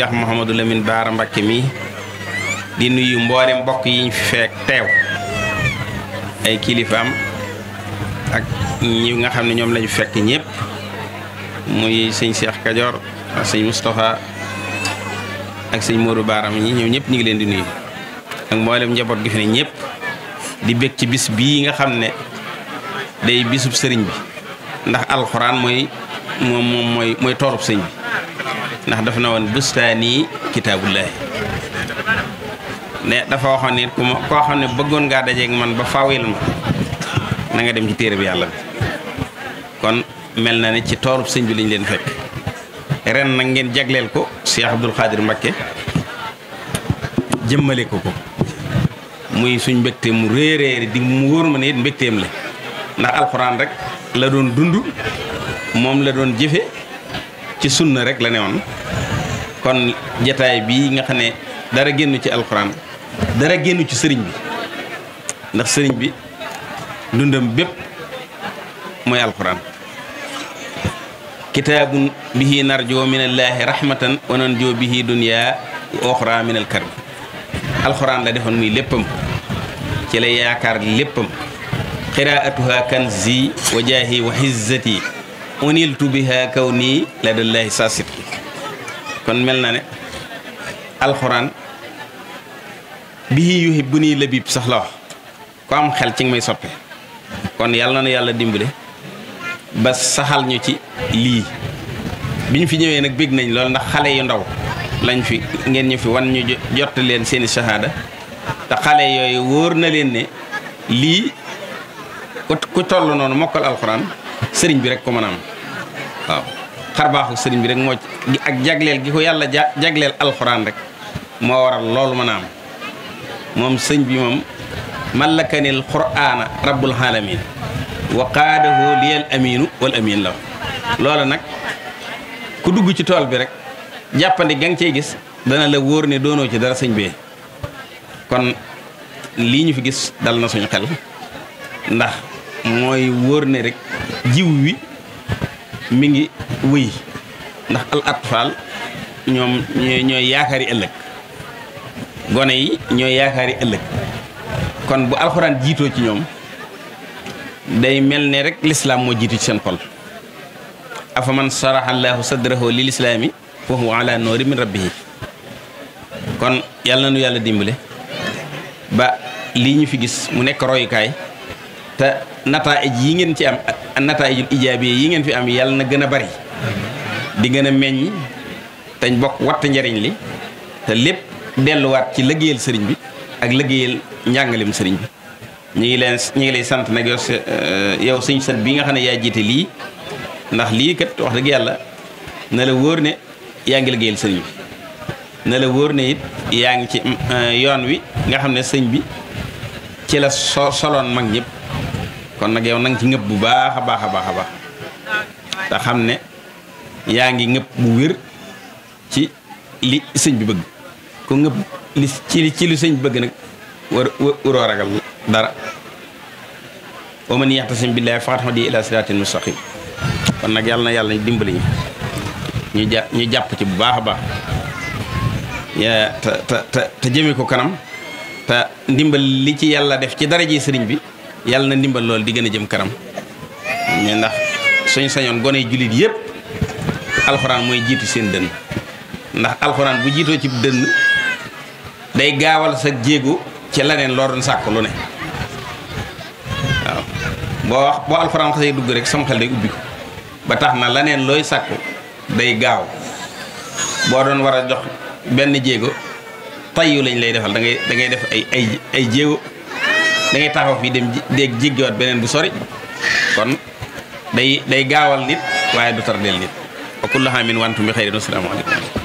Cheikh Mouhamadou Lamine Baara Mbacké mi di nuyu mboole mbokk yi ñu fi fekk teew ay kilifaam ak ñi nga xam ne ñoom lañu fekk ñëpp muy sëñ Cheikh Kajoor ak sëñ Moustapha ak sëñ mooru Baara ñi ñëw ñëpp ñu ngi leen di nuyu ak mboole njaboot gi fi ne ñëpp di bég ci bis bii nga xam ne day bisub sëriñ bi ndax alxuraan mooy moom moom mooy toorub sëñ bi. ndax dafa ne woon bustaani kitaabullaahi ne dafa waxoon nit ku koo xam ne bëggoon ngaa dajeeg man ba fawil ma na nga dem ci téere bi yàlla bi kon mel na ne ci toorub sëñ bi lañ leen fekk ren nag ngeen jagleel ko Cheikh Abdoul Khadir mbakke jëmmale ko ko muy suñ mbégte mu réeréeri di mu wóor ma ne it la ndax alxuraan rek la doon dund moom la doon jëfe ci sunna rek la newoon kon jataay bii nga xam ne dara génn ci alxuraan dara génn ci sëriñ bi ndax sëriñ bi dundam bépp mooy alxuraan kitaabun bihi narjoo minallaahi rahmatan wa nanjoo bihi duniyaa wa oxra minal karbi alxuraan la defoon muy léppam ci la yaakaar léppam qiraatuha kanzi wa jaahi wa xizzati uniltu biha kaw nii la dallahi saa sit kon mel na ne alxuraan bihi yuhib bu nii labib sax la wax am xel ci nga may soppe kon yàlla na yàlla dimbale ba saxal ñu ci lii bi ñu fi ñëwee nag bég nañ lool ndax xale yu ndaw lañ fi ngeen ñu fi wan ñu jot leen seeni shahada te xale yooyu wóor na leen ne lii ku toll noonu mokkal alxuraan sëriñ bi rek ko mën am waaw xarbaaxu sëriñ bi rek moo ak jagleel gi ko yàlla jagleel alxuraan rek moo waral loolu mën moom sëñ bi moom mallakanil quraana rabbul alamin wa qaadahu liyal aminu wal amiin la loolu nag ku dugg ci tool bi rek jàppandi ga nga cey gis dana la wóor ne doonoo ci dara sëñ bee kon lii ñu fi gis dal na suñu xel ndax mooy wóor ne rek jiw wi mi ngi wëy ndax al atfal ñoom ñooy yaakaari ëllëg gone yi ñooy yaakaari ëllëg kon bu alxuraan jiitoo ci ñoom day mel ne rek lislaam moo jiitu ci seen xol afaman saraha allahu sadrahu lil islaami wa huwa ala noori min rabbihi kon yàlla na nu yàlla dimbale ba lii ñu fi gis mu nekk royukaay te nataa ej yi ngeen ci am nataayul ijaabe yi ngeen fi am yàlla na gën a bari di gën a meññ tañ bokk watt njariñ li te lépp delluwaat ci liggéeyal sëriñ bi ak liggéeyal njàngalem sëriñ bi ñu ngi leen ñu ngi lay sant nag yow euh, yow suñ sët bi nga xam ne yaa jiite lii ndax lii kat wax dëgg yàlla na la wóor ne yaa ngi liggéeyal sëriñ bi na la wóor ne it yaa ngi ci euh, yoon wi nga xam ne sëñ bi ci la so soloon mag ñëpp kon nag yow na ci ngëpp bu baax a baax a baax a baax te xam ne yaa ngi ngëpp bu wér ci li sëñ bi bëgg ku ngëpp li ci ci li sëñ bi bëgg nag war waroo ragal dara wa man yaxtasim billaahi faqad hadiya ilaa siraatin mustaqim kon nag yàlla na yàlla dimbali ñu ñu ñu jàpp ci bu baax a baax te te ko kanam te ndimbal li ci yàlla def ci dara ji sëriñ bi yàlla na ndimbal loolu di gën a jëm kanam ñu ndax suñ sañoon gone jullit yépp alxuraan mooy jiitu seen dënn ndax alxuraan bu jiitoo ci dënn day gaawal sa jéego ci leneen loo doon sàkk lu ne waaw boo wax boo alxuraan xasee dugg rek sama xel day ubbi ko ba tax na leneen looy sàkku day gaaw boo doon war jox benn jéego tayyu lañ lay defal da ngay da def ay ay ay jéego da taxaw fii dem dégg jéggiwaat beneen bu sori kon day day gaawal nit waaye du tardeel nit wa kullu aamin wa antum bi xayrin asalaamaaleykum